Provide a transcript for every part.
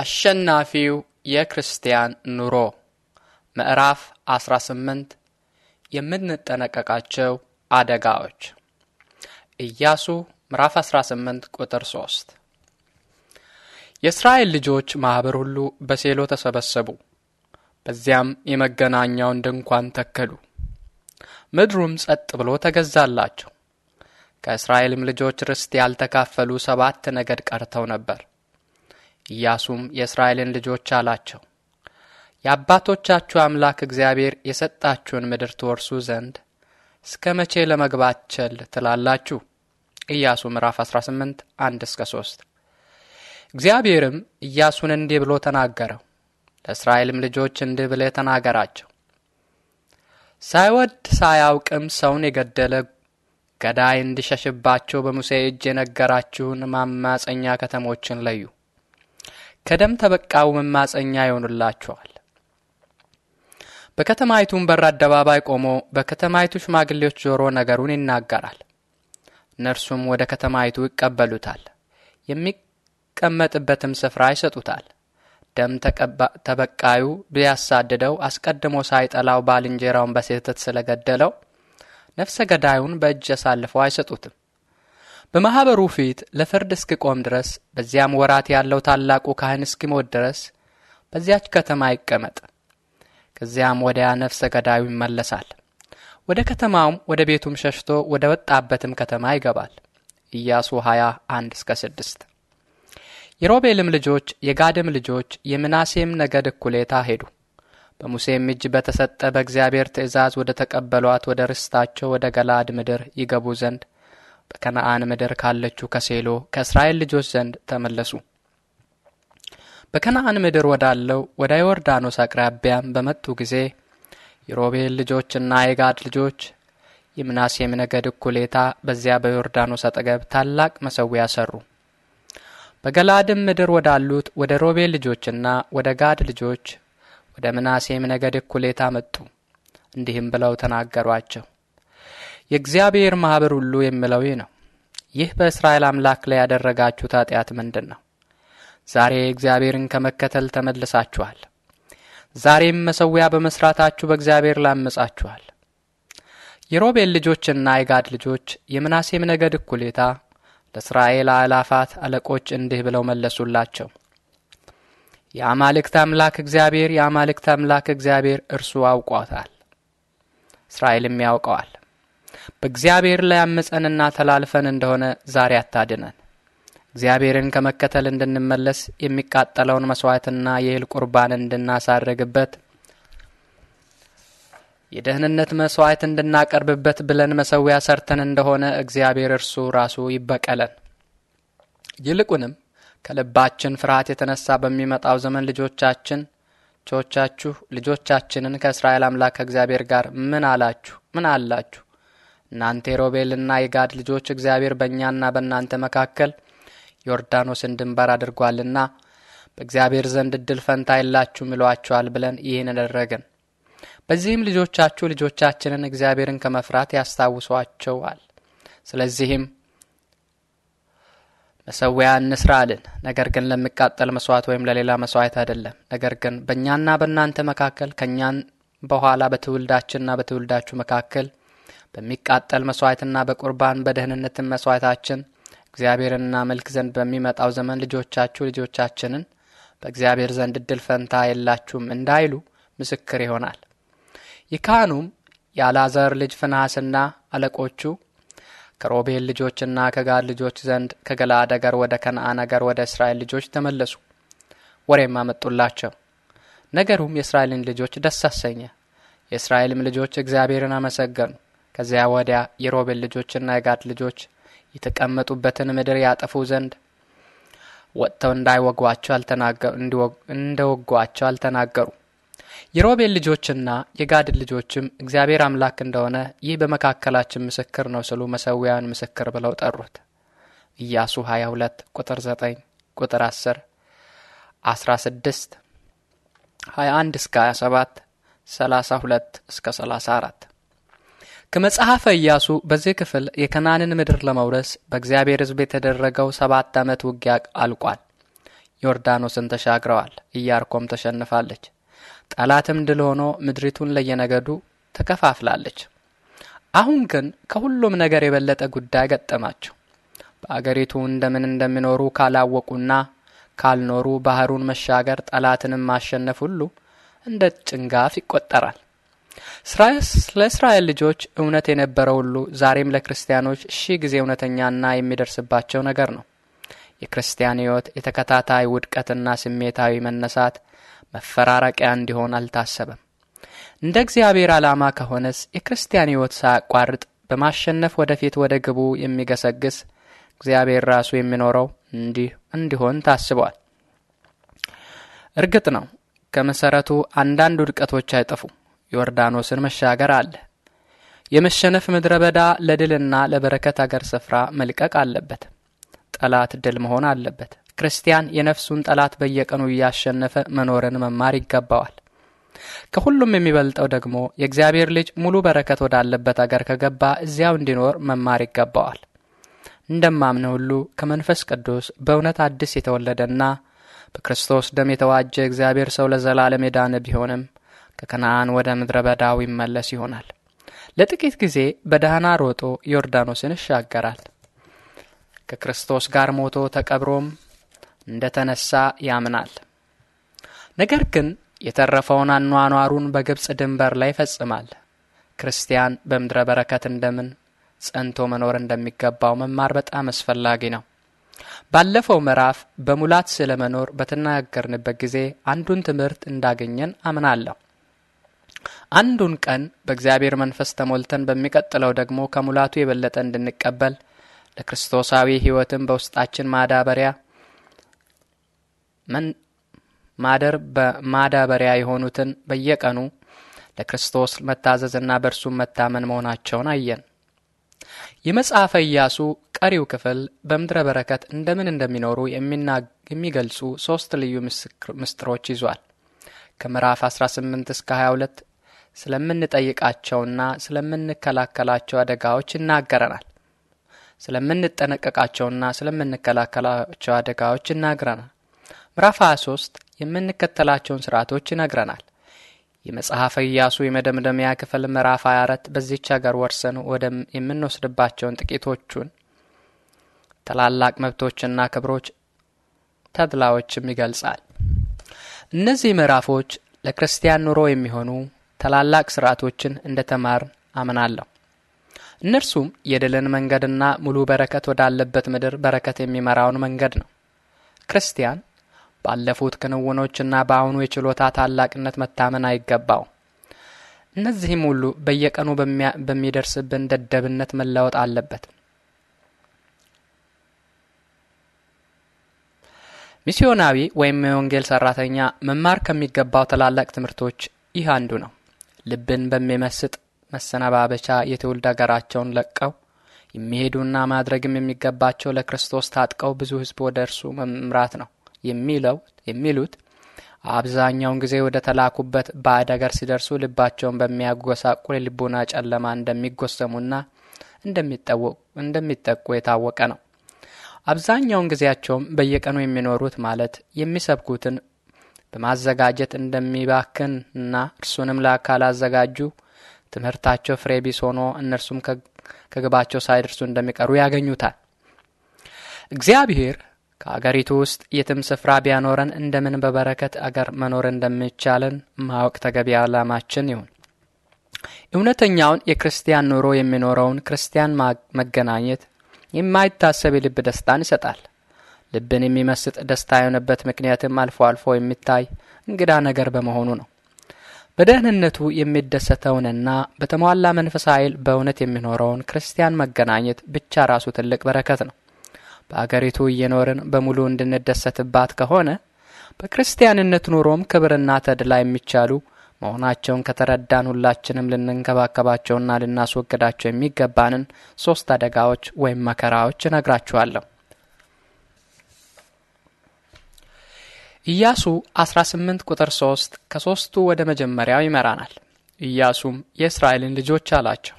አሸናፊው የክርስቲያን ኑሮ ምዕራፍ 18 የምንጠነቀቃቸው አደጋዎች ኢያሱ ምዕራፍ 18 ቁጥር 3 የእስራኤል ልጆች ማኅበር ሁሉ በሴሎ ተሰበሰቡ፣ በዚያም የመገናኛውን ድንኳን ተከሉ። ምድሩም ጸጥ ብሎ ተገዛላቸው። ከእስራኤልም ልጆች ርስት ያልተካፈሉ ሰባት ነገድ ቀርተው ነበር። ኢያሱም የእስራኤልን ልጆች አላቸው የአባቶቻችሁ አምላክ እግዚአብሔር የሰጣችሁን ምድር ትወርሱ ዘንድ እስከ መቼ ለመግባት ቸል ትላላችሁ? ኢያሱ ምዕራፍ 18 1 እስከ 3 እግዚአብሔርም ኢያሱን እንዲህ ብሎ ተናገረው። ለእስራኤልም ልጆች እንዲህ ብለ ተናገራቸው። ሳይወድ ሳያውቅም ሰውን የገደለ ገዳይ እንዲሸሽባቸው በሙሴ እጅ የነገራችሁን ማማፀኛ ከተሞችን ለዩ። ከደም ተበቃው መማፀኛ ይሆኑላቸዋል። በከተማይቱም በር አደባባይ ቆሞ በከተማይቱ ሽማግሌዎች ጆሮ ነገሩን ይናገራል። እነርሱም ወደ ከተማይቱ ይቀበሉታል፣ የሚቀመጥበትም ስፍራ ይሰጡታል። ደም ተበቃዩ ቢያሳድደው አስቀድሞ ሳይጠላው ባልንጀራውን በስህተት ስለገደለው ነፍሰ ገዳዩን በእጅ አሳልፈው አይሰጡትም። በማኅበሩ ፊት ለፍርድ እስኪቆም ድረስ በዚያም ወራት ያለው ታላቁ ካህን እስኪሞት ድረስ በዚያች ከተማ ይቀመጥ። ከዚያም ወዲያ ነፍሰ ገዳዩ ይመለሳል። ወደ ከተማውም ወደ ቤቱም ሸሽቶ ወደ ወጣበትም ከተማ ይገባል። ኢያሱ 21 1 እስከ 6 የሮቤልም ልጆች የጋድም ልጆች የምናሴም ነገድ እኩሌታ ሄዱ። በሙሴም እጅ በተሰጠ በእግዚአብሔር ትእዛዝ ወደ ተቀበሏት ወደ ርስታቸው ወደ ገላድ ምድር ይገቡ ዘንድ በከነአን ምድር ካለችው ከሴሎ ከእስራኤል ልጆች ዘንድ ተመለሱ። በከነአን ምድር ወዳለው ወደ ዮርዳኖስ አቅራቢያም በመጡ ጊዜ የሮቤል ልጆችና የጋድ ልጆች የምናሴም ነገድ እኩሌታ በዚያ በዮርዳኖስ አጠገብ ታላቅ መሰዊያ ሰሩ። በገላድም ምድር ወዳሉት ወደ ሮቤል ልጆችና ወደ ጋድ ልጆች ወደ ምናሴም ነገድ እኩሌታ መጡ። እንዲህም ብለው ተናገሯቸው። የእግዚአብሔር ማኅበር ሁሉ የሚለው ይህ ነው። ይህ በእስራኤል አምላክ ላይ ያደረጋችሁት ኃጢአት ምንድን ነው? ዛሬ እግዚአብሔርን ከመከተል ተመልሳችኋል። ዛሬም መሠዊያ በመሥራታችሁ በእግዚአብሔር ላመጻችኋል። የሮቤል ልጆችና የጋድ ልጆች የምናሴም ነገድ እኩሌታ ለእስራኤል አእላፋት አለቆች እንዲህ ብለው መለሱላቸው። የአማልክት አምላክ እግዚአብሔር የአማልክት አምላክ እግዚአብሔር እርሱ አውቋታል፣ እስራኤልም ያውቀዋል። በእግዚአብሔር ላይ አመፀንና ተላልፈን እንደሆነ ዛሬ አታድነን። እግዚአብሔርን ከመከተል እንድንመለስ የሚቃጠለውን መሥዋዕትና የእህል ቁርባን እንድናሳርግበት የደህንነት መሥዋዕት እንድናቀርብበት ብለን መሠዊያ ሰርተን እንደሆነ እግዚአብሔር እርሱ ራሱ ይበቀለን። ይልቁንም ከልባችን ፍርሃት የተነሳ በሚመጣው ዘመን ልጆቻችን ቾቻችሁ ልጆቻችንን ከእስራኤል አምላክ ከእግዚአብሔር ጋር ምን አላችሁ ምን አላችሁ እናንተ የሮቤልና የጋድ ልጆች እግዚአብሔር በእኛና በእናንተ መካከል ዮርዳኖስን ድንበር አድርጓልና በእግዚአብሔር ዘንድ እድል ፈንታ የላችሁም ይሏችኋል ብለን ይህን አደረግን። በዚህም ልጆቻችሁ ልጆቻችንን እግዚአብሔርን ከመፍራት ያስታውሷቸዋል። ስለዚህም መሰዊያ እንስራ አልን። ነገር ግን ለሚቃጠል መስዋዕት ወይም ለሌላ መስዋዕት አይደለም። ነገር ግን በእኛና በእናንተ መካከል ከእኛን በኋላ በትውልዳችንና በትውልዳችሁ መካከል በሚቃጠል መስዋዕትና በቁርባን በደህንነት መስዋዕታችን እግዚአብሔርን እናመልክ ዘንድ በሚመጣው ዘመን ልጆቻችሁ ልጆቻችንን በእግዚአብሔር ዘንድ እድል ፈንታ የላችሁም እንዳይሉ ምስክር ይሆናል። ይካህኑም የአልዓዛር ልጅ ፍንሐስና አለቆቹ ከሮቤል ልጆችና ከጋድ ልጆች ዘንድ ከገላአድ አገር ወደ ከነአን አገር ወደ እስራኤል ልጆች ተመለሱ። ወሬም አመጡላቸው። ነገሩም የእስራኤልን ልጆች ደስ አሰኘ። የእስራኤልም ልጆች እግዚአብሔርን አመሰገኑ። ከዚያ ወዲያ የሮቤል ልጆችና የጋድ ልጆች የተቀመጡበትን ምድር ያጠፉ ዘንድ ወጥተው እንዳይወጓቸው አልተናገሩ እንደወጓቸው አልተናገሩ። የሮቤል ልጆችና የጋድ ልጆችም እግዚአብሔር አምላክ እንደሆነ ይህ በመካከላችን ምስክር ነው ስሉ መሰዊያን ምስክር ብለው ጠሩት። ኢያሱ 22 ቁጥር 9 ቁጥር 10 16 21 እስከ 27 32 እስከ 34 ከመጽሐፈ ኢያሱ በዚህ ክፍል የከናንን ምድር ለመውረስ በእግዚአብሔር ሕዝብ የተደረገው ሰባት ዓመት ውጊያ አልቋል። ዮርዳኖስን ተሻግረዋል። ኢያሪኮም ተሸንፋለች። ጠላትም ድል ሆኖ ምድሪቱን ለየነገዱ ተከፋፍላለች። አሁን ግን ከሁሉም ነገር የበለጠ ጉዳይ ገጠማቸው። በአገሪቱ እንደምን እንደሚኖሩ ካላወቁና ካልኖሩ ባህሩን መሻገር ጠላትንም ማሸነፍ ሁሉ እንደ ጭንጋፍ ይቆጠራል። ስለ እስራኤል ልጆች እውነት የነበረ ሁሉ ዛሬም ለክርስቲያኖች ሺ ጊዜ እውነተኛና የሚደርስባቸው ነገር ነው። የክርስቲያን ሕይወት የተከታታይ ውድቀትና ስሜታዊ መነሳት መፈራረቂያ እንዲሆን አልታሰበም። እንደ እግዚአብሔር ዓላማ ከሆነስ የክርስቲያን ሕይወት ሳያቋርጥ በማሸነፍ ወደፊት ወደ ግቡ የሚገሰግስ እግዚአብሔር ራሱ የሚኖረው እንዲህ እንዲሆን ታስቧል። እርግጥ ነው ከመሠረቱ አንዳንድ ውድቀቶች አይጠፉም። ዮርዳኖስን መሻገር አለ። የመሸነፍ ምድረ በዳ ለድልና ለበረከት አገር ስፍራ መልቀቅ አለበት። ጠላት ድል መሆን አለበት። ክርስቲያን የነፍሱን ጠላት በየቀኑ እያሸነፈ መኖርን መማር ይገባዋል። ከሁሉም የሚበልጠው ደግሞ የእግዚአብሔር ልጅ ሙሉ በረከት ወዳለበት አገር ከገባ እዚያው እንዲኖር መማር ይገባዋል። እንደማምን ሁሉ ከመንፈስ ቅዱስ በእውነት አዲስ የተወለደና በክርስቶስ ደም የተዋጀ እግዚአብሔር ሰው ለዘላለም የዳነ ቢሆንም ከከነአን ወደ ምድረ በዳው ይመለስ ይሆናል። ለጥቂት ጊዜ በደህና ሮጦ ዮርዳኖስን ይሻገራል። ከክርስቶስ ጋር ሞቶ ተቀብሮም እንደ ተነሳ ያምናል። ነገር ግን የተረፈውን አኗኗሩን በግብፅ ድንበር ላይ ይፈጽማል። ክርስቲያን በምድረ በረከት እንደምን ጸንቶ መኖር እንደሚገባው መማር በጣም አስፈላጊ ነው። ባለፈው ምዕራፍ በሙላት ስለ መኖር በተናገርንበት ጊዜ አንዱን ትምህርት እንዳገኘን አምናለሁ። አንዱን ቀን በእግዚአብሔር መንፈስ ተሞልተን በሚቀጥለው ደግሞ ከሙላቱ የበለጠ እንድንቀበል ለክርስቶሳዊ ሕይወትም በውስጣችን ማዳበሪያ ማደር በማዳበሪያ የሆኑትን በየቀኑ ለክርስቶስ መታዘዝና በእርሱም መታመን መሆናቸውን አየን። የመጽሐፈ ኢያሱ ቀሪው ክፍል በምድረ በረከት እንደምን እንደሚኖሩ የሚገልጹ ሦስት ልዩ ምስጢሮች ይዟል። ከምዕራፍ 18 እስከ 22 ስለምንጠይቃቸውና ስለምንከላከላቸው አደጋዎች ይናገረናል። ስለምንጠነቀቃቸውና ስለምንከላከላቸው አደጋዎች ይናግረናል። ምዕራፍ 23 የምንከተላቸውን ስርዓቶች ይነግረናል። የመጽሐፈ ኢያሱ የመደምደሚያ ክፍል ምዕራፍ 24 በዚች አገር ወርሰን ወደ የምንወስድባቸውን ጥቂቶቹን ታላላቅ መብቶችና ክብሮች፣ ተድላዎችም ይገልጻል። እነዚህ ምዕራፎች ለክርስቲያን ኑሮ የሚሆኑ ታላላቅ ስርዓቶችን እንደ ተማር አምናለሁ። እነርሱም የድልን መንገድና ሙሉ በረከት ወዳለበት ምድር በረከት የሚመራውን መንገድ ነው። ክርስቲያን ባለፉት ክንውኖችና በአሁኑ የችሎታ ታላቅነት መታመን አይገባው። እነዚህም ሁሉ በየቀኑ በሚደርስብን ደደብነት መለወጥ አለበት። ሚስዮናዊ ወይም የወንጌል ሰራተኛ መማር ከሚገባው ታላላቅ ትምህርቶች ይህ አንዱ ነው። ልብን በሚመስጥ መሰነባበቻ የትውልድ አገራቸውን ለቀው የሚሄዱና ማድረግም የሚገባቸው ለክርስቶስ ታጥቀው ብዙ ሕዝብ ወደ እርሱ መምራት ነው የሚለው የሚሉት አብዛኛውን ጊዜ ወደ ተላኩበት ባዕድ አገር ሲደርሱ ልባቸውን በሚያጎሳቁል የልቡና ጨለማ እንደሚጎሰሙና እንደሚጠቁ የታወቀ ነው። አብዛኛውን ጊዜያቸውም በየቀኑ የሚኖሩት ማለት የሚሰብኩትን በማዘጋጀት እንደሚባክን እና እርሱንም አዘጋጁ ትምህርታቸው ፍሬ ቢስ ሆኖ እነርሱም ከግባቸው ሳይደርሱ እንደሚቀሩ ያገኙታል። እግዚአብሔር ከአገሪቱ ውስጥ የትም ስፍራ ቢያኖረን እንደምን በበረከት አገር መኖር እንደሚቻለን ማወቅ ተገቢ ዓላማችን ይሁን። እውነተኛውን የክርስቲያን ኑሮ የሚኖረውን ክርስቲያን መገናኘት የማይታሰብ የልብ ደስታን ይሰጣል። ልብን የሚመስጥ ደስታ የሆነበት ምክንያትም አልፎ አልፎ የሚታይ እንግዳ ነገር በመሆኑ ነው። በደህንነቱ የሚደሰተውንና በተሟላ መንፈስ ኃይል በእውነት የሚኖረውን ክርስቲያን መገናኘት ብቻ ራሱ ትልቅ በረከት ነው። በአገሪቱ እየኖርን በሙሉ እንድንደሰትባት ከሆነ በክርስቲያንነት ኑሮም ክብርና ተድላ የሚቻሉ መሆናቸውን ከተረዳን ሁላችንም ልንንከባከባቸውና ልናስወግዳቸው የሚገባንን ሶስት አደጋዎች ወይም መከራዎች እነግራችኋለሁ። ኢያሱ 18 ቁጥር 3 ከሦስቱ ወደ መጀመሪያው ይመራናል። ኢያሱም የእስራኤልን ልጆች አላቸው፣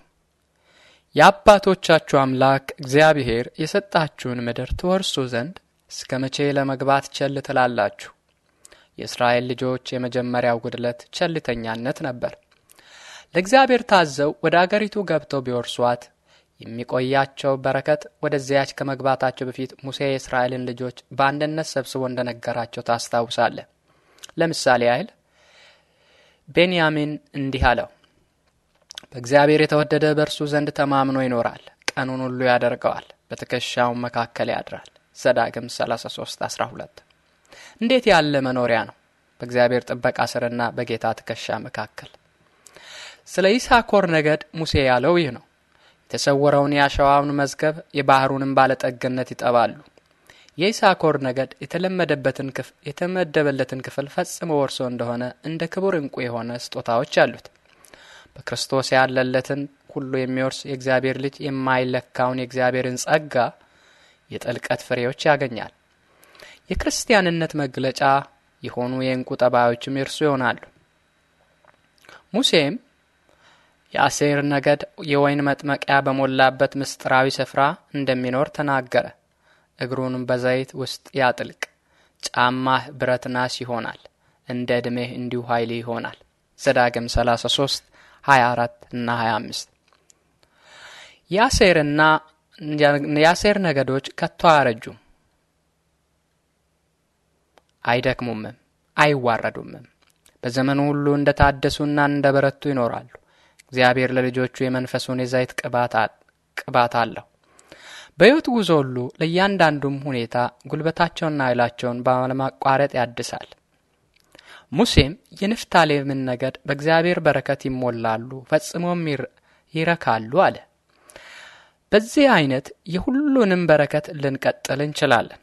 የአባቶቻችሁ አምላክ እግዚአብሔር የሰጣችሁን ምድር ትወርሱ ዘንድ እስከ መቼ ለመግባት ቸል ትላላችሁ? የእስራኤል ልጆች የመጀመሪያው ጉድለት ቸልተኛነት ነበር። ለእግዚአብሔር ታዘው ወደ አገሪቱ ገብተው ቢወርሷት የሚቆያቸው በረከት ወደዚያች ከመግባታቸው በፊት ሙሴ የእስራኤልን ልጆች በአንድነት ሰብስቦ እንደነገራቸው ታስታውሳለ። ለምሳሌ ያህል ቤንያሚን እንዲህ አለው፣ በእግዚአብሔር የተወደደ በእርሱ ዘንድ ተማምኖ ይኖራል፣ ቀኑን ሁሉ ያደርገዋል፣ በትከሻውም መካከል ያድራል። ዘዳግም 33 12 እንዴት ያለ መኖሪያ ነው! በእግዚአብሔር ጥበቃ ስርና በጌታ ትከሻ መካከል። ስለ ይሳኮር ነገድ ሙሴ ያለው ይህ ነው። የተሰወረውን የአሸዋውን መዝገብ የባህሩንም ባለጠግነት ይጠባሉ። የኢሳኮር ነገድ የተለመደበትን የተመደበለትን ክፍል ፈጽሞ ወርሶ እንደሆነ እንደ ክቡር እንቁ የሆነ ስጦታዎች አሉት። በክርስቶስ ያለለትን ሁሉ የሚወርስ የእግዚአብሔር ልጅ የማይለካውን የእግዚአብሔርን ጸጋ የጥልቀት ፍሬዎች ያገኛል። የክርስቲያንነት መግለጫ የሆኑ የእንቁ ጠባዮችም እርሱ ይሆናሉ። ሙሴም የአሴር ነገድ የወይን መጥመቂያ በሞላበት ምስጢራዊ ስፍራ እንደሚኖር ተናገረ። እግሩንም በዘይት ውስጥ ያጥልቅ። ጫማህ ብረት ናስ ይሆናል፣ እንደ ዕድሜህ እንዲሁ ኃይል ይሆናል። ዘዳግም 33 24 እና 25 የአሴርና የአሴር ነገዶች ከቶ አያረጁም፣ አይደክሙምም፣ አይዋረዱምም። በዘመኑ ሁሉ እንደ ታደሱና እንደ በረቱ ይኖራሉ። እግዚአብሔር ለልጆቹ የመንፈሱን የዘይት ቅባት አለው። በሕይወት ጉዞ ሁሉ ለእያንዳንዱም ሁኔታ ጉልበታቸውንና ኃይላቸውን ባለማቋረጥ ያድሳል። ሙሴም የንፍታሌምን ነገድ በእግዚአብሔር በረከት ይሞላሉ፣ ፈጽሞም ይረካሉ አለ። በዚህ አይነት የሁሉንም በረከት ልንቀጥል እንችላለን።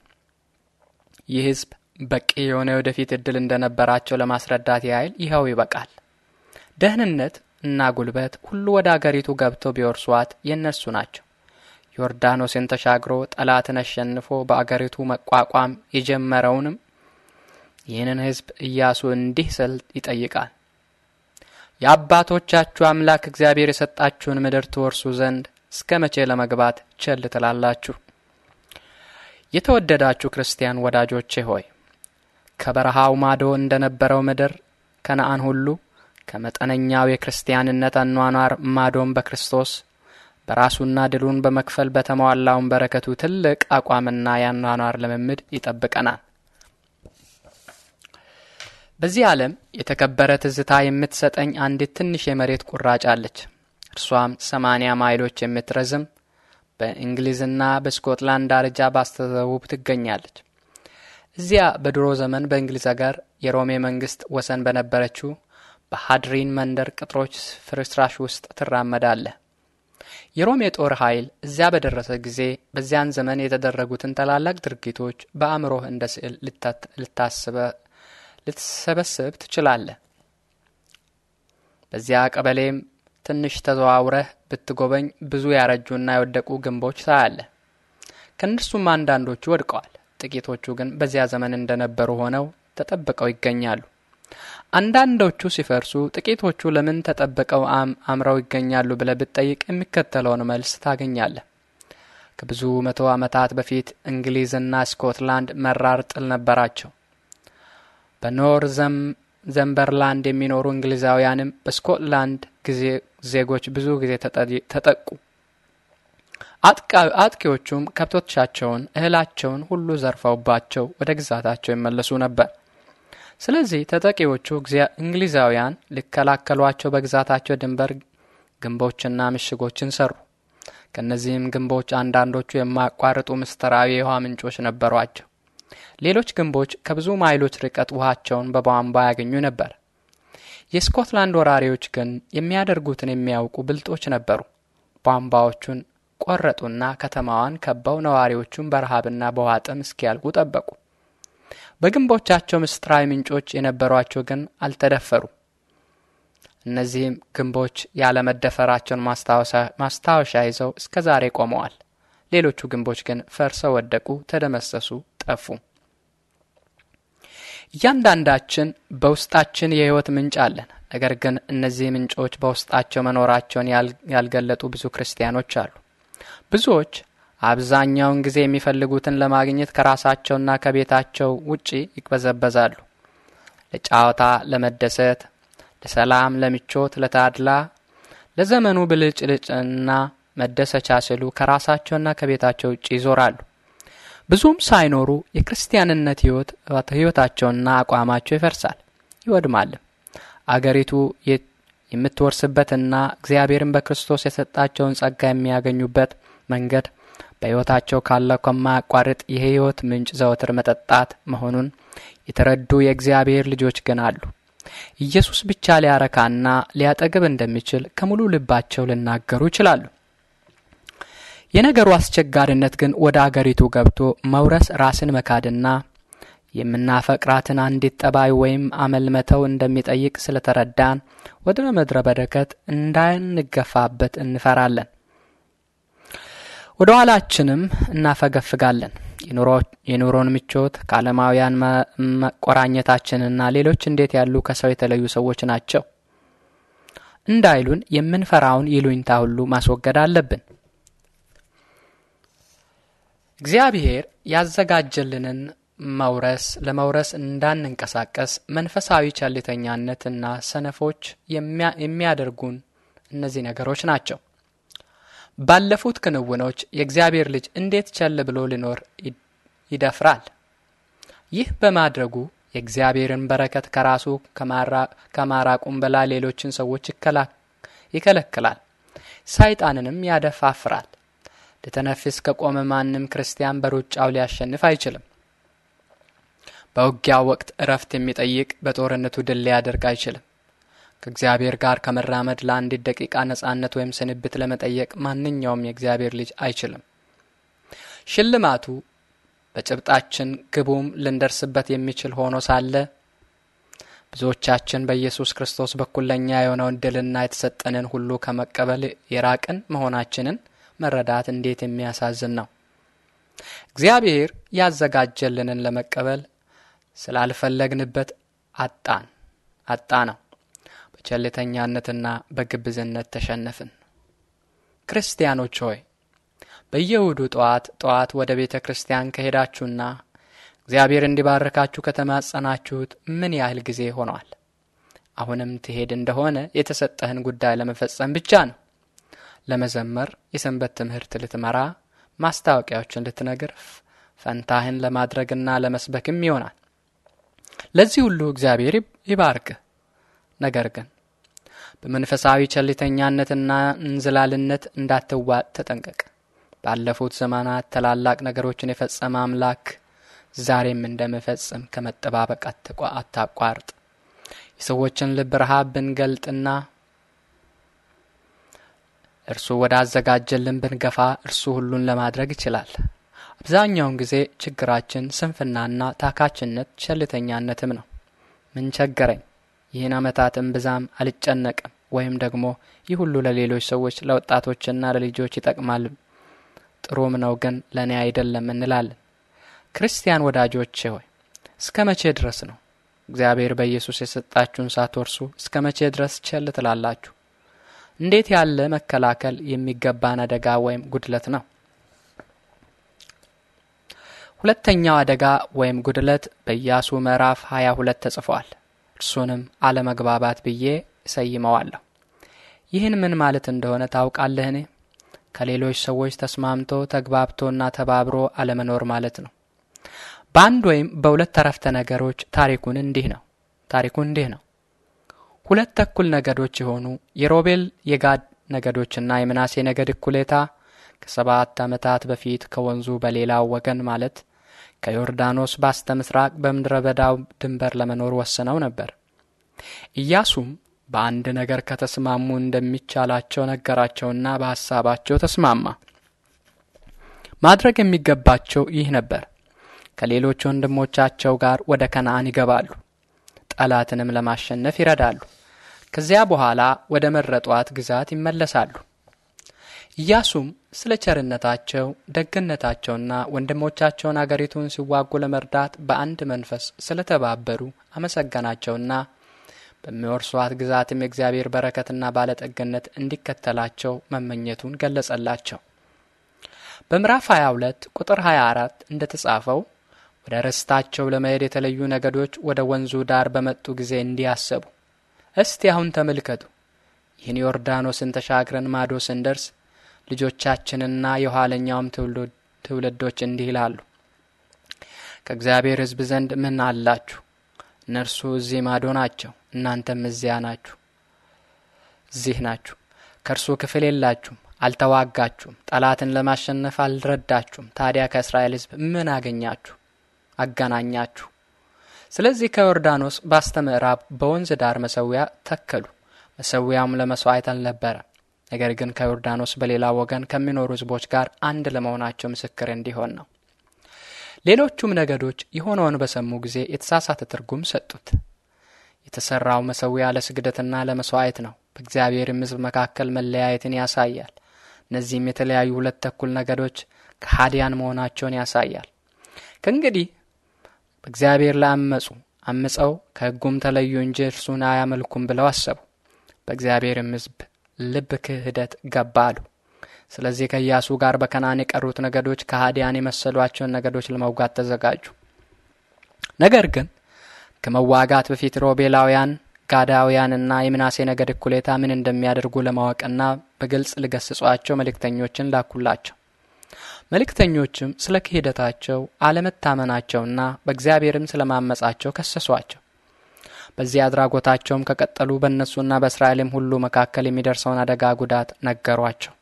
ይህ ሕዝብ በቂ የሆነ ወደፊት እድል እንደነበራቸው ለማስረዳት ያህል ይኸው ይበቃል። ደህንነት እና ጉልበት ሁሉ ወደ አገሪቱ ገብተው ቢወርሷት የእነርሱ ናቸው። ዮርዳኖስን ተሻግሮ ጠላትን አሸንፎ በአገሪቱ መቋቋም የጀመረውንም ይህንን ሕዝብ እያሱ እንዲህ ስል ይጠይቃል። የአባቶቻችሁ አምላክ እግዚአብሔር የሰጣችሁን ምድር ትወርሱ ዘንድ እስከ መቼ ለመግባት ቸል ትላላችሁ? የተወደዳችሁ ክርስቲያን ወዳጆቼ ሆይ ከበረሃው ማዶ እንደነበረው ምድር ከነአን ሁሉ ከመጠነኛው የክርስቲያንነት አኗኗር ማዶም በክርስቶስ በራሱና ድሉን በመክፈል በተሟላውን በረከቱ ትልቅ አቋምና የአኗኗር ልምምድ ይጠብቀናል። በዚህ ዓለም የተከበረ ትዝታ የምትሰጠኝ አንዲት ትንሽ የመሬት ቁራጭ አለች። እርሷም ሰማንያ ማይሎች የምትረዝም በእንግሊዝና በስኮትላንድ ዳርቻ ባስተዘውብ ትገኛለች። እዚያ በድሮ ዘመን በእንግሊዝ አገር የሮሜ መንግስት ወሰን በነበረችው በሃድሪን መንደር ቅጥሮች ፍርስራሽ ውስጥ ትራመዳለህ። የሮም የጦር ኃይል እዚያ በደረሰ ጊዜ በዚያን ዘመን የተደረጉትን ታላላቅ ድርጊቶች በአእምሮህ እንደ ስዕል ልታስበ ልትሰበስብ ትችላለህ። በዚያ ቀበሌም ትንሽ ተዘዋውረህ ብትጎበኝ ብዙ ያረጁና የወደቁ ግንቦች ታያለህ። ከእነርሱም አንዳንዶቹ ወድቀዋል፣ ጥቂቶቹ ግን በዚያ ዘመን እንደነበሩ ሆነው ተጠብቀው ይገኛሉ። አንዳንዶቹ ሲፈርሱ፣ ጥቂቶቹ ለምን ተጠብቀው አምረው ይገኛሉ ብለህ ብትጠይቅ የሚከተለውን መልስ ታገኛለህ። ከብዙ መቶ ዓመታት በፊት እንግሊዝና ስኮትላንድ መራር ጥል ነበራቸው። በኖር ዘምበርላንድ የሚኖሩ እንግሊዛውያንም በስኮትላንድ ዜጎች ብዙ ጊዜ ተጠቁ። አጥቂዎቹም ከብቶቻቸውን፣ እህላቸውን ሁሉ ዘርፈውባቸው ወደ ግዛታቸው ይመለሱ ነበር። ስለዚህ ተጠቂዎቹ እንግሊዛውያን ሊከላከሏቸው በግዛታቸው ድንበር ግንቦችና ምሽጎችን ሰሩ። ከእነዚህም ግንቦች አንዳንዶቹ የማያቋርጡ ምስጢራዊ የውሃ ምንጮች ነበሯቸው። ሌሎች ግንቦች ከብዙ ማይሎች ርቀት ውሃቸውን በቧንቧ ያገኙ ነበር። የስኮትላንድ ወራሪዎች ግን የሚያደርጉትን የሚያውቁ ብልጦች ነበሩ። ቧንቧዎቹን ቆረጡና ከተማዋን ከበው ነዋሪዎቹን በረሃብና በውሃ ጥም እስኪያልቁ ጠበቁ። በግንቦቻቸው ምስጢራዊ ምንጮች የነበሯቸው ግን አልተደፈሩም። እነዚህም ግንቦች ያለመደፈራቸውን ማስታወሻ ይዘው እስከ ዛሬ ቆመዋል። ሌሎቹ ግንቦች ግን ፈርሰው ወደቁ፣ ተደመሰሱ፣ ጠፉ። እያንዳንዳችን በውስጣችን የሕይወት ምንጭ አለን። ነገር ግን እነዚህ ምንጮች በውስጣቸው መኖራቸውን ያልገለጡ ብዙ ክርስቲያኖች አሉ። ብዙዎች አብዛኛውን ጊዜ የሚፈልጉትን ለማግኘት ከራሳቸውና ከቤታቸው ውጪ ይቅበዘበዛሉ። ለጨዋታ፣ ለመደሰት፣ ለሰላም፣ ለምቾት፣ ለታድላ፣ ለዘመኑ ብልጭልጭና መደሰቻ ሲሉ ከራሳቸውና ከቤታቸው ውጭ ይዞራሉ። ብዙም ሳይኖሩ የክርስቲያንነት ህይወት ህይወታቸውና አቋማቸው ይፈርሳል፣ ይወድማልም። አገሪቱ የምትወርስበትና እግዚአብሔርን በክርስቶስ የሰጣቸውን ጸጋ የሚያገኙበት መንገድ በሕይወታቸው ካለው ከማያቋርጥ የሕይወት ምንጭ ዘወትር መጠጣት መሆኑን የተረዱ የእግዚአብሔር ልጆች ግን አሉ። ኢየሱስ ብቻ ሊያረካና ሊያጠግብ እንደሚችል ከሙሉ ልባቸው ሊናገሩ ይችላሉ። የነገሩ አስቸጋሪነት ግን ወደ አገሪቱ ገብቶ መውረስ ራስን መካድና የምናፈቅራትን አንዲት ጠባይ ወይም አመልመተው እንደሚጠይቅ ስለተረዳን ወደ ምድረ በረከት እንዳንገፋበት እንፈራለን። ወደ ኋላችንም እናፈገፍጋለን። የኑሮን ምቾት ከዓለማውያን መቆራኘታችንና ሌሎች እንዴት ያሉ ከሰው የተለዩ ሰዎች ናቸው እንዳይሉን የምንፈራውን ይሉኝታ ሁሉ ማስወገድ አለብን። እግዚአብሔር ያዘጋጀልንን መውረስ ለመውረስ እንዳንንቀሳቀስ መንፈሳዊ ቸልተኛነትና ሰነፎች የሚያደርጉን እነዚህ ነገሮች ናቸው። ባለፉት ክንውኖች የእግዚአብሔር ልጅ እንዴት ቸል ብሎ ሊኖር ይደፍራል? ይህ በማድረጉ የእግዚአብሔርን በረከት ከራሱ ከማራቁም በላ ሌሎችን ሰዎች ይከለክላል፣ ሰይጣንንም ያደፋፍራል። ልተነፍስ ከቆመ ማንም ክርስቲያን በሩጫው ሊያሸንፍ አይችልም። በውጊያ ወቅት እረፍት የሚጠይቅ በጦርነቱ ድል ሊያደርግ አይችልም። ከእግዚአብሔር ጋር ከመራመድ ለአንዲት ደቂቃ ነጻነት ወይም ስንብት ለመጠየቅ ማንኛውም የእግዚአብሔር ልጅ አይችልም። ሽልማቱ በጭብጣችን ግቡም ልንደርስበት የሚችል ሆኖ ሳለ ብዙዎቻችን በኢየሱስ ክርስቶስ በኩል ለእኛ የሆነውን ድልና የተሰጠንን ሁሉ ከመቀበል የራቅን መሆናችንን መረዳት እንዴት የሚያሳዝን ነው! እግዚአብሔር ያዘጋጀልንን ለመቀበል ስላልፈለግንበት አጣን አጣ ነው። በቸልተኛነትና በግብዝነት ተሸነፍን። ክርስቲያኖች ሆይ በየእሁዱ ጠዋት ጠዋት ወደ ቤተ ክርስቲያን ከሄዳችሁና እግዚአብሔር እንዲባርካችሁ ከተማጸናችሁት ምን ያህል ጊዜ ሆኗል? አሁንም ትሄድ እንደሆነ የተሰጠህን ጉዳይ ለመፈጸም ብቻ ነው። ለመዘመር፣ የሰንበት ትምህርት ልትመራ፣ ማስታወቂያዎችን ልትነግር፣ ፈንታህን ለማድረግና ለመስበክም ይሆናል። ለዚህ ሁሉ እግዚአብሔር ይባርክህ። ነገር ግን በመንፈሳዊ ቸልተኛነትና እንዝላልነት እንዳትዋጥ ተጠንቀቅ። ባለፉት ዘመናት ታላላቅ ነገሮችን የፈጸመ አምላክ ዛሬም እንደመፈጸም ከመጠባበቅ አታቋርጥ። የሰዎችን ልብ ረሃብ ብንገልጥና እርሱ ወዳዘጋጀልን ብንገፋ እርሱ ሁሉን ለማድረግ ይችላል። አብዛኛውን ጊዜ ችግራችን ስንፍናና ታካችነት፣ ቸልተኛነትም ነው። ምን ቸገረኝ ይህን ዓመታት ብዛም አልጨነቅም ወይም ደግሞ ይህ ሁሉ ለሌሎች ሰዎች ለወጣቶችና ለልጆች ይጠቅማል ጥሩም ነው ግን ለእኔ አይደለም እንላለን። ክርስቲያን ወዳጆቼ ሆይ እስከ መቼ ድረስ ነው እግዚአብሔር በኢየሱስ የሰጣችሁን ሳትወርሱ እስከ መቼ ድረስ ቸል ትላላችሁ? እንዴት ያለ መከላከል የሚገባን አደጋ ወይም ጉድለት ነው። ሁለተኛው አደጋ ወይም ጉድለት በኢያሱ ምዕራፍ 22 ተጽፏል። እርሱንም አለመግባባት ብዬ እሰይመዋለሁ። ይህን ምን ማለት እንደሆነ ታውቃለህን? ከሌሎች ሰዎች ተስማምቶ ተግባብቶና ተባብሮ አለመኖር ማለት ነው። በአንድ ወይም በሁለት አረፍተ ነገሮች ታሪኩን እንዲህ ነው ታሪኩ እንዲህ ነው። ሁለት ተኩል ነገዶች የሆኑ የሮቤል የጋድ ነገዶችና የምናሴ ነገድ እኩሌታ ከሰባት ዓመታት በፊት ከወንዙ በሌላው ወገን ማለት ከዮርዳኖስ ባስተ ምስራቅ በምድረ በዳው ድንበር ለመኖር ወስነው ነበር። ኢያሱም በአንድ ነገር ከተስማሙ እንደሚቻላቸው ነገራቸውና በሐሳባቸው ተስማማ። ማድረግ የሚገባቸው ይህ ነበር። ከሌሎች ወንድሞቻቸው ጋር ወደ ከነአን ይገባሉ፣ ጠላትንም ለማሸነፍ ይረዳሉ። ከዚያ በኋላ ወደ መረጧት ግዛት ይመለሳሉ። ኢያሱም ስለ ቸርነታቸው ደግነታቸውና ወንድሞቻቸውን አገሪቱን ሲዋጉ ለመርዳት በአንድ መንፈስ ስለ ተባበሩ አመሰገናቸውና በሚወርሷት ግዛትም የእግዚአብሔር በረከትና ባለጠግነት እንዲከተላቸው መመኘቱን ገለጸላቸው። በምዕራፍ 22 ቁጥር 24 ተጻፈው ወደ ርስታቸው ለመሄድ የተለዩ ነገዶች ወደ ወንዙ ዳር በመጡ ጊዜ እንዲያሰቡ እስቲ አሁን ተመልከቱ፣ ይህን ዮርዳኖስን ተሻግረን ማዶ ስንደርስ ልጆቻችንና የኋለኛውም ትውልዶች እንዲህ ይላሉ፣ ከእግዚአብሔር ሕዝብ ዘንድ ምን አላችሁ? እነርሱ እዚህ ማዶ ናቸው፣ እናንተም እዚያ ናችሁ፣ እዚህ ናችሁ። ከእርሱ ክፍል የላችሁም፣ አልተዋጋችሁም፣ ጠላትን ለማሸነፍ አልረዳችሁም። ታዲያ ከእስራኤል ሕዝብ ምን አገኛችሁ አገናኛችሁ? ስለዚህ ከዮርዳኖስ ባስተ ምዕራብ በወንዝ ዳር መሰዊያ ተከሉ። መሰዊያም ለመስዋዕት አልነበረ። ነገር ግን ከዮርዳኖስ በሌላ ወገን ከሚኖሩ ህዝቦች ጋር አንድ ለመሆናቸው ምስክር እንዲሆን ነው። ሌሎቹም ነገዶች የሆነውን በሰሙ ጊዜ የተሳሳተ ትርጉም ሰጡት። የተሠራው መሠዊያ ለስግደትና ለመሥዋዕት ነው፣ በእግዚአብሔርም ሕዝብ መካከል መለያየትን ያሳያል። እነዚህም የተለያዩ ሁለት ተኩል ነገዶች ከሃዲያን መሆናቸውን ያሳያል። ከእንግዲህ በእግዚአብሔር ላይ አመፁ፣ አምፀው ከሕጉም ተለዩ እንጂ እርሱን አያመልኩም ብለው አሰቡ። በእግዚአብሔርም ሕዝብ ልብ ክህደት ገባ አሉ። ስለዚህ ከኢያሱ ጋር በከናን የቀሩት ነገዶች ከሃዲያን የመሰሏቸውን ነገዶች ለመውጋት ተዘጋጁ። ነገር ግን ከመዋጋት በፊት ሮቤላውያን፣ ጋዳውያንና የምናሴ ነገድ እኩሌታ ምን እንደሚያደርጉ ለማወቅና በግልጽ ልገስጿቸው መልእክተኞችን ላኩላቸው። መልእክተኞችም ስለ ክህደታቸው አለመታመናቸውና በእግዚአብሔርም ስለማመጻቸው ከሰሷቸው። በዚህ አድራጎታቸውም ከቀጠሉ በእነሱና በእስራኤልም ሁሉ መካከል የሚደርሰውን አደጋ ጉዳት ነገሯቸው።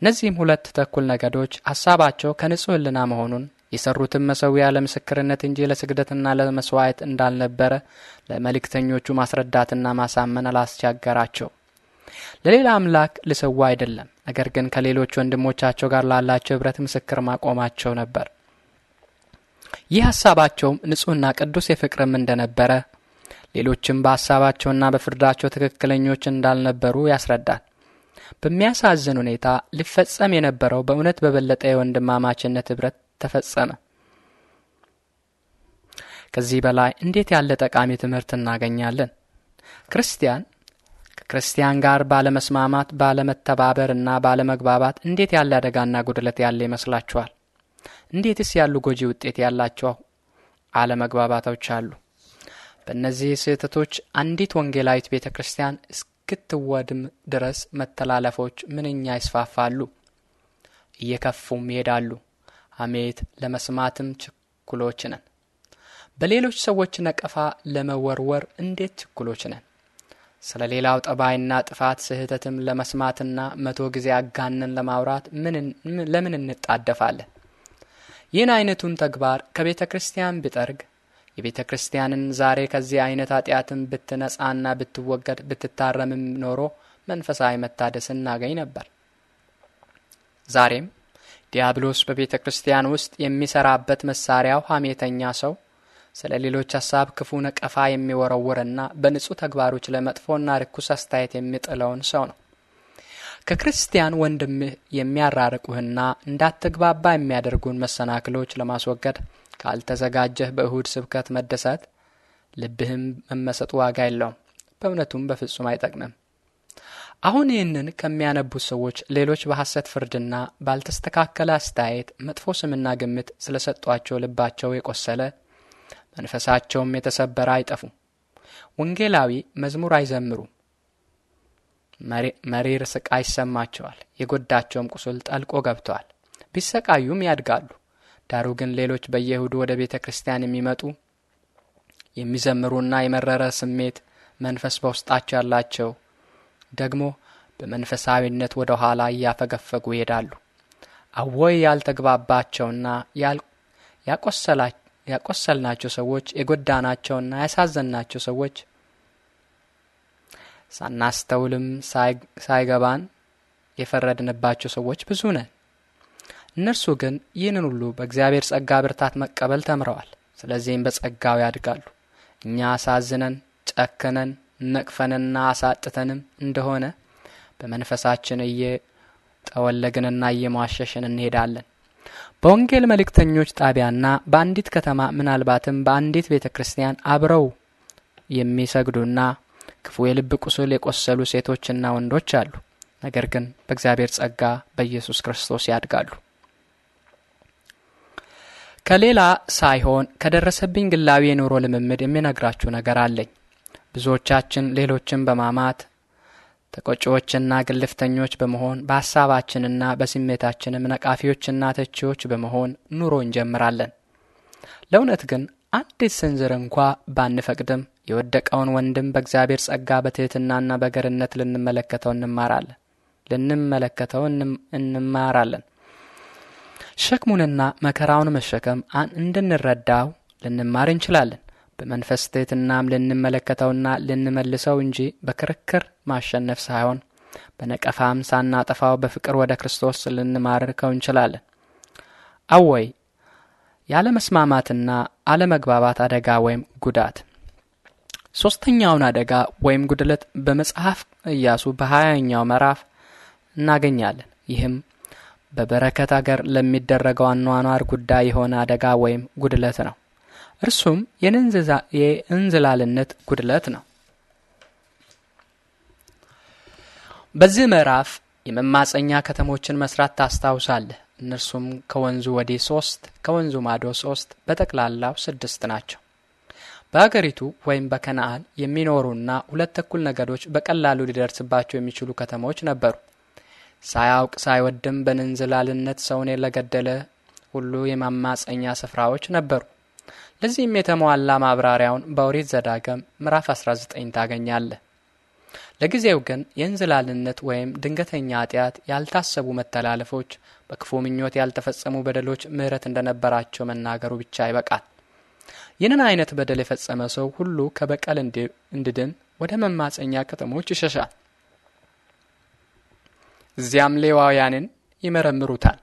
እነዚህም ሁለት ተኩል ነገዶች ሐሳባቸው ከንጹሕ ሕሊና መሆኑን የሠሩትም መሠዊያ ለምስክርነት እንጂ ለስግደትና ለመሥዋዕት እንዳልነበረ ለመልእክተኞቹ ማስረዳትና ማሳመን አላስቸገራቸው። ለሌላ አምላክ ልሰዋ አይደለም፣ ነገር ግን ከሌሎች ወንድሞቻቸው ጋር ላላቸው ኅብረት ምስክር ማቆማቸው ነበር። ይህ ሐሳባቸውም ንጹሕና ቅዱስ የፍቅርም እንደነበረ ሌሎችም በሐሳባቸውና በፍርዳቸው ትክክለኞች እንዳልነበሩ ያስረዳል። በሚያሳዝን ሁኔታ ሊፈጸም የነበረው በእውነት በበለጠ የወንድማማችነት ኅብረት ተፈጸመ። ከዚህ በላይ እንዴት ያለ ጠቃሚ ትምህርት እናገኛለን? ክርስቲያን ከክርስቲያን ጋር ባለመስማማት፣ ባለመተባበርና እና ባለመግባባት እንዴት ያለ አደጋና ጉድለት ያለ ይመስላችኋል? እንዴትስ ያሉ ጎጂ ውጤት ያላቸው አለመግባባቶች አሉ? በእነዚህ ስህተቶች አንዲት ወንጌላዊት ቤተ ክርስቲያን እስክትወድም ድረስ መተላለፎች ምንኛ ይስፋፋሉ፣ እየከፉም ይሄዳሉ። አሜት ለመስማትም ችኩሎች ነን። በሌሎች ሰዎች ነቀፋ ለመወርወር እንዴት ችኩሎች ነን። ስለ ሌላው ጠባይና ጥፋት ስህተትም ለመስማትና መቶ ጊዜ አጋንን ለማውራት ለምን እንጣደፋለን? ይህን አይነቱን ተግባር ከቤተ ክርስቲያን ቢጠርግ የቤተ ክርስቲያንን ዛሬ ከዚህ አይነት ኃጢአትን ብትነጻና ብትወገድ ብትታረምም ኖሮ መንፈሳዊ መታደስ እናገኝ ነበር። ዛሬም ዲያብሎስ በቤተ ክርስቲያን ውስጥ የሚሰራበት መሳሪያው ሐሜተኛ ሰው ስለ ሌሎች ሀሳብ ክፉ ነቀፋ የሚወረውርና በንጹሕ ተግባሮች ለመጥፎና ርኩስ አስተያየት የሚጥለውን ሰው ነው። ከክርስቲያን ወንድምህ የሚያራርቁህና እንዳትግባባ የሚያደርጉን መሰናክሎች ለማስወገድ ካልተዘጋጀህ በእሁድ ስብከት መደሰት ልብህም መመሰጥ ዋጋ የለውም፣ በእውነቱም በፍጹም አይጠቅምም። አሁን ይህንን ከሚያነቡት ሰዎች ሌሎች በሐሰት ፍርድና ባልተስተካከለ አስተያየት መጥፎ ስምና ግምት ስለሰጧቸው ልባቸው የቆሰለ መንፈሳቸውም የተሰበረ አይጠፉም። ወንጌላዊ መዝሙር አይዘምሩም፣ መሪር ስቃይ ይሰማቸዋል። የጎዳቸውም ቁስል ጠልቆ ገብተዋል፣ ቢሰቃዩም ያድጋሉ። ዳሩ ግን ሌሎች በየእሁዱ ወደ ቤተ ክርስቲያን የሚመጡ የሚዘምሩና የመረረ ስሜት መንፈስ በውስጣቸው ያላቸው ደግሞ በመንፈሳዊነት ወደ ኋላ እያፈገፈጉ ይሄዳሉ። አወይ ያልተግባባቸውና ያቆሰልናቸው ሰዎች የጎዳናቸውና ያሳዘንናቸው ሰዎች ሳናስተውልም ሳይገባን የፈረድንባቸው ሰዎች ብዙ ነን። እነርሱ ግን ይህንን ሁሉ በእግዚአብሔር ጸጋ ብርታት መቀበል ተምረዋል። ስለዚህም በጸጋው ያድጋሉ። እኛ አሳዝነን፣ ጨክነን፣ ነቅፈንና አሳጥተንም እንደሆነ በመንፈሳችን እየጠወለግንና እየሟሸሽን እንሄዳለን። በወንጌል መልእክተኞች ጣቢያና በአንዲት ከተማ ምናልባትም በአንዲት ቤተ ክርስቲያን አብረው የሚሰግዱና ክፉ የልብ ቁስል የቆሰሉ ሴቶችና ወንዶች አሉ። ነገር ግን በእግዚአብሔር ጸጋ በኢየሱስ ክርስቶስ ያድጋሉ። ከሌላ ሳይሆን ከደረሰብኝ ግላዊ የኑሮ ልምምድ የሚነግራችሁ ነገር አለኝ። ብዙዎቻችን ሌሎችን በማማት ተቆጪዎችና ግልፍተኞች በመሆን በሀሳባችንና በስሜታችንም ነቃፊዎችና ተቺዎች በመሆን ኑሮ እንጀምራለን። ለእውነት ግን አንዲት ስንዝር እንኳ ባንፈቅድም የወደቀውን ወንድም በእግዚአብሔር ጸጋ በትሕትናና በገርነት ልንመለከተው እንማራለን ልንመለከተው እንማራለን። ሸክሙንና መከራውን መሸከም እንድንረዳው ልንማር እንችላለን። በመንፈስ ትሕትናም ልንመለከተውና ልንመልሰው እንጂ በክርክር ማሸነፍ ሳይሆን በነቀፋም ሳናጠፋው በፍቅር ወደ ክርስቶስ ልንማርከው እንችላለን። አወይ ያለመስማማትና አለመግባባት አደጋ ወይም ጉዳት። ሶስተኛውን አደጋ ወይም ጉድለት በመጽሐፍ ኢያሱ በሀያኛው ምዕራፍ እናገኛለን። ይህም በበረከት አገር ለሚደረገው አኗኗር ጉዳይ የሆነ አደጋ ወይም ጉድለት ነው። እርሱም የእንዝላልነት ጉድለት ነው። በዚህ ምዕራፍ የመማፀኛ ከተሞችን መስራት ታስታውሳለህ። እነርሱም ከወንዙ ወዲህ ሶስት፣ ከወንዙ ማዶ ሶስት፣ በጠቅላላው ስድስት ናቸው። በአገሪቱ ወይም በከነአን የሚኖሩና ሁለት እኩል ነገዶች በቀላሉ ሊደርስባቸው የሚችሉ ከተሞች ነበሩ። ሳያውቅ ሳይወድም በንንዝላልነት ሰውን ለገደለ ሁሉ የማማጸኛ ስፍራዎች ነበሩ። ለዚህም የተሟላ ማብራሪያውን በኦሪት ዘዳግም ምዕራፍ 19 ታገኛለ። ለጊዜው ግን የእንዝላልነት ወይም ድንገተኛ ኃጢአት፣ ያልታሰቡ መተላለፎች፣ በክፉ ምኞት ያልተፈጸሙ በደሎች ምሕረት እንደነበራቸው መናገሩ ብቻ ይበቃል። ይህንን አይነት በደል የፈጸመ ሰው ሁሉ ከበቀል እንዲድን ወደ መማጸኛ ከተሞች ይሸሻል። እዚያም ሌዋውያንን ይመረምሩታል።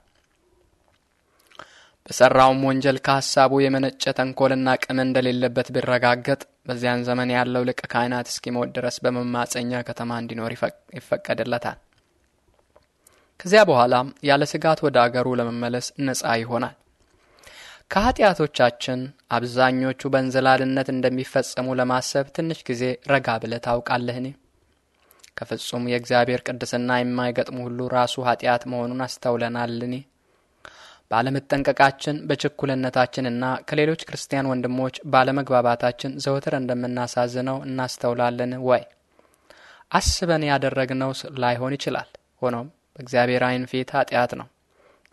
በሠራውም ወንጀል ከሐሳቡ የመነጨ ተንኮልና ቅም እንደሌለበት ቢረጋገጥ በዚያን ዘመን ያለው ሊቀ ካህናት እስኪሞት ድረስ በመማፀኛ ከተማ እንዲኖር ይፈቀድለታል። ከዚያ በኋላም ያለ ስጋት ወደ አገሩ ለመመለስ ነፃ ይሆናል። ከኃጢአቶቻችን አብዛኞቹ በእንዝላልነት እንደሚፈጸሙ ለማሰብ ትንሽ ጊዜ ረጋ ብለህ ታውቃለህን? ከፍጹም የእግዚአብሔር ቅድስና የማይገጥሙ ሁሉ ራሱ ኃጢአት መሆኑን አስተውለናልን? ባለመጠንቀቃችን በችኩልነታችንና ከሌሎች ክርስቲያን ወንድሞች ባለመግባባታችን ዘወትር እንደምናሳዝነው እናስተውላለን ወይ? አስበን ያደረግነው ላይሆን ይችላል። ሆኖም በእግዚአብሔር ዓይን ፊት ኃጢአት ነው።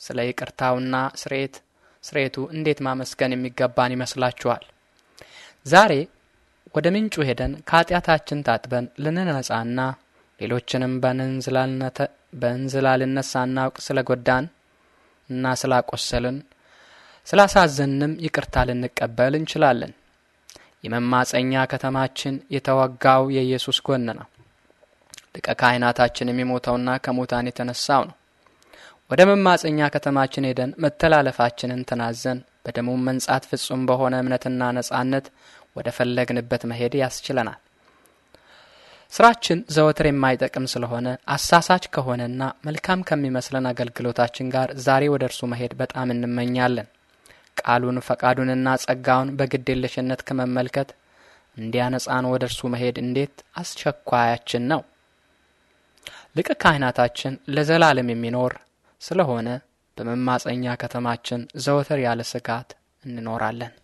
ስለ ይቅርታውና ስርየት ስርየቱ እንዴት ማመስገን የሚገባን ይመስላችኋል? ዛሬ ወደ ምንጩ ሄደን ከኃጢአታችን ታጥበን ልንነጻና ሌሎችንም በእንዝላልነት ሳናውቅ ስለ ጎዳን እና ስላቆሰልን ስላሳዘንም ይቅርታ ልንቀበል እንችላለን። የመማፀኛ ከተማችን የተወጋው የኢየሱስ ጎን ነው። ሊቀ ካህናታችን የሚሞተውና ከሙታን የተነሳው ነው። ወደ መማፀኛ ከተማችን ሄደን መተላለፋችንን ተናዘን በደሙም መንጻት ፍጹም በሆነ እምነትና ነጻነት ወደ ፈለግንበት መሄድ ያስችለናል። ስራችን ዘወትር የማይጠቅም ስለሆነ አሳሳች ከሆነና መልካም ከሚመስለን አገልግሎታችን ጋር ዛሬ ወደ እርሱ መሄድ በጣም እንመኛለን። ቃሉን ፈቃዱንና ጸጋውን በግዴለሽነት ከመመልከት እንዲያነጻን ወደ እርሱ መሄድ እንዴት አስቸኳያችን ነው። ሊቀ ካህናታችን ለዘላለም የሚኖር ስለሆነ በመማፀኛ ከተማችን ዘወትር ያለ ስጋት እንኖራለን።